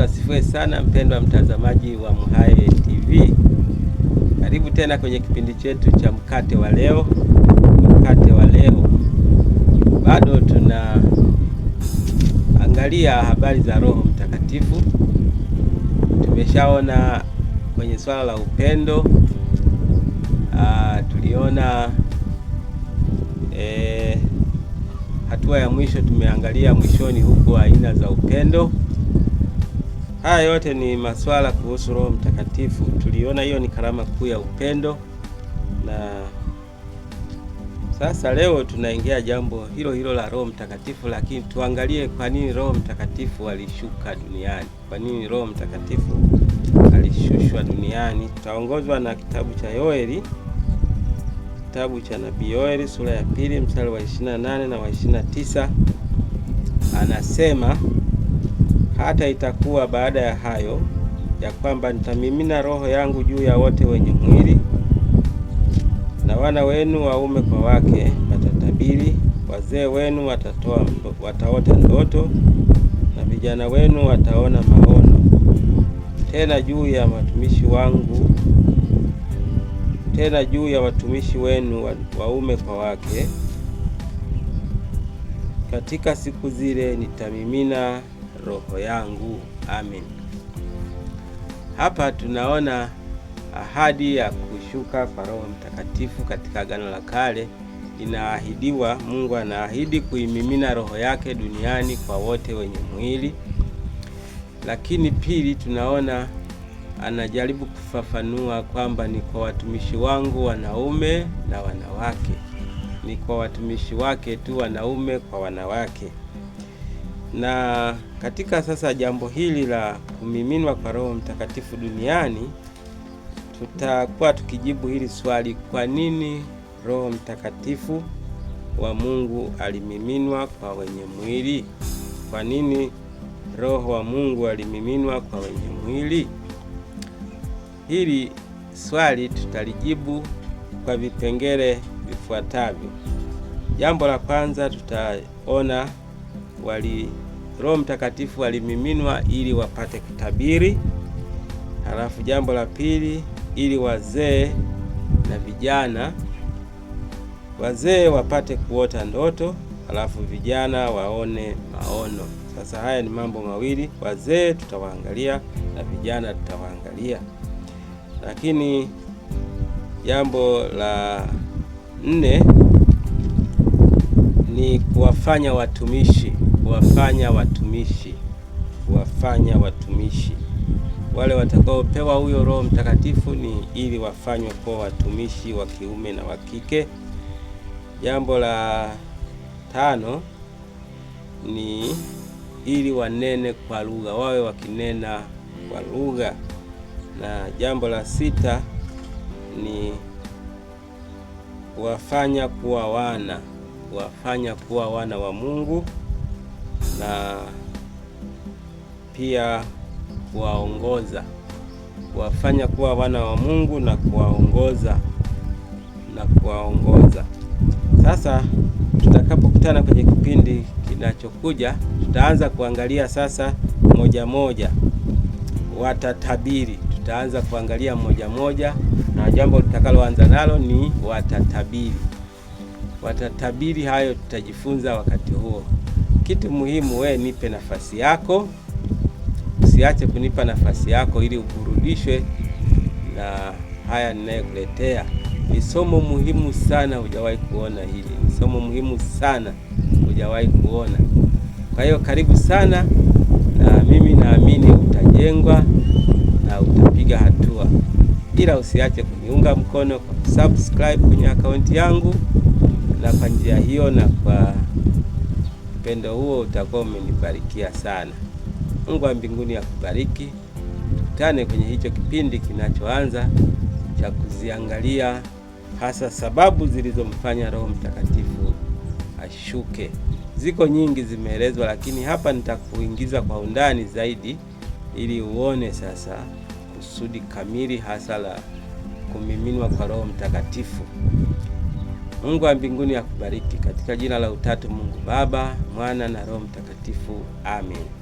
Yesu asifiwe sana, mpendwa mtazamaji wa MHAE TV, karibu tena kwenye kipindi chetu cha mkate wa leo. Mkate wa leo, bado tunaangalia habari za Roho Mtakatifu. Tumeshaona kwenye swala la upendo aa, ah, tuliona e, hatua ya mwisho tumeangalia mwishoni huko aina za upendo Haya yote ni maswala kuhusu Roho Mtakatifu. Tuliona hiyo ni karama kuu ya upendo, na sasa leo tunaingia jambo hilo hilo la Roho Mtakatifu, lakini tuangalie kwa nini Roho Mtakatifu alishuka duniani, kwa nini Roho Mtakatifu alishushwa duniani. Tutaongozwa na kitabu cha Yoeli, kitabu cha nabii Yoeli sura ya pili mstari wa 28 na wa 29, anasema hata itakuwa baada ya hayo ya kwamba nitamimina roho yangu juu ya wote wenye mwili, na wana wenu waume kwa wake watatabiri, wazee wenu watatoa wataota ndoto, na vijana wenu wataona maono. Tena juu ya watumishi wangu tena juu ya watumishi wenu waume kwa wake, katika siku zile nitamimina roho yangu. Amin. Hapa tunaona ahadi ya kushuka kwa Roho Mtakatifu katika Agano la Kale inaahidiwa. Mungu anaahidi kuimimina roho yake duniani kwa wote wenye mwili. Lakini pili, tunaona anajaribu kufafanua kwamba ni kwa watumishi wangu wanaume na wanawake, ni kwa watumishi wake tu wanaume kwa wanawake na katika sasa jambo hili la kumiminwa kwa Roho Mtakatifu duniani tutakuwa tukijibu hili swali, kwa nini Roho Mtakatifu wa Mungu alimiminwa kwa wenye mwili? Kwa nini Roho wa Mungu alimiminwa kwa wenye mwili? Hili swali tutalijibu kwa vipengele vifuatavyo. Jambo la kwanza tutaona wali Roho Mtakatifu alimiminwa ili wapate kutabiri. Halafu jambo la pili, ili wazee na vijana, wazee wapate kuota ndoto, halafu vijana waone maono. Sasa haya ni mambo mawili, wazee tutawaangalia na vijana tutawaangalia. Lakini jambo la nne ni kuwafanya watumishi kuwafanya watumishi, kuwafanya watumishi. Wale watakaopewa huyo Roho Mtakatifu ni ili wafanywe kuwa watumishi wa kiume na wa kike. Jambo la tano ni ili wanene kwa lugha, wawe wakinena kwa lugha, na jambo la sita ni kuwafanya kuwa wana, kuwafanya kuwa wana wa Mungu na pia kuwaongoza, kuwafanya kuwa wana wa Mungu na kuwaongoza na kuwaongoza. Sasa tutakapokutana kwenye kipindi kinachokuja, tutaanza kuangalia sasa moja moja watatabiri. Tutaanza kuangalia moja moja, na jambo tutakaloanza nalo ni watatabiri. Watatabiri hayo tutajifunza wakati huo. Kitu muhimu, we nipe nafasi yako, usiache kunipa nafasi yako ili uburudishwe na haya ninayokuletea. Ni somo muhimu sana, hujawahi kuona hili. Ni somo muhimu sana, hujawahi kuona. Kwa hiyo karibu sana, na mimi naamini utajengwa na utapiga hatua, ila usiache kuniunga mkono kwa subscribe kwenye akaunti yangu, na kwa njia hiyo na kwa upendo huo utakuwa umenibarikia sana. Mungu wa mbinguni akubariki. Tukutane kwenye hicho kipindi kinachoanza cha kuziangalia hasa sababu zilizomfanya Roho Mtakatifu ashuke. Ziko nyingi zimeelezwa, lakini hapa nitakuingiza kwa undani zaidi ili uone sasa kusudi kamili hasa la kumiminwa kwa Roho Mtakatifu. Mungu wa mbinguni akubariki katika jina la utatu Mungu Baba, Mwana na Roho Mtakatifu. Amen.